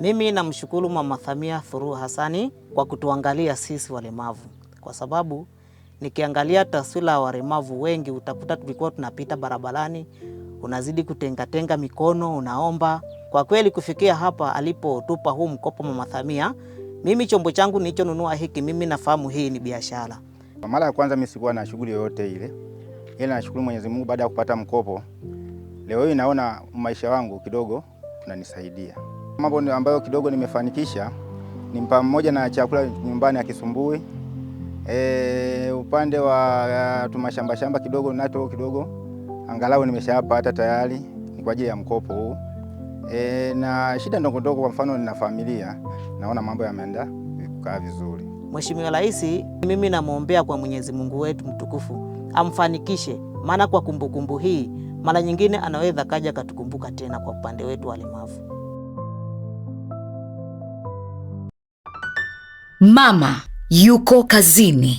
Mimi namshukuru Mama Samia Suluhu Hasani kwa kutuangalia sisi walemavu, kwa sababu nikiangalia taswira ya walemavu wengi, utakuta tulikuwa tunapita barabarani, unazidi kutengatenga mikono, unaomba. Kwa kweli kufikia hapa alipotupa huu mkopo Mama Samia, mimi chombo changu nilichonunua hiki, mimi nafahamu hii ni biashara. Kwa mara ya kwanza mimi sikuwa na shughuli yoyote ile, ila nashukuru Mwenyezi Mungu baada ya kupata mkopo leo hii naona maisha wangu kidogo unanisaidia. Mambo ambayo kidogo nimefanikisha ni pamoja na chakula nyumbani akisumbui. E, upande wa uh, tumashamba shamba kidogo nato kidogo angalau nimeshapata tayari, ni kwa ajili ya mkopo huu. E, na shida ndogondogo, kwa mfano nina familia, naona mambo yameenda kukaa vizuri. Mheshimiwa Rais, mimi namwombea kwa Mwenyezi Mungu wetu mtukufu amfanikishe, maana kwa kumbukumbu kumbu hii mara nyingine anaweza kaja katukumbuka tena kwa upande wetu walemavu. Mama yuko kazini.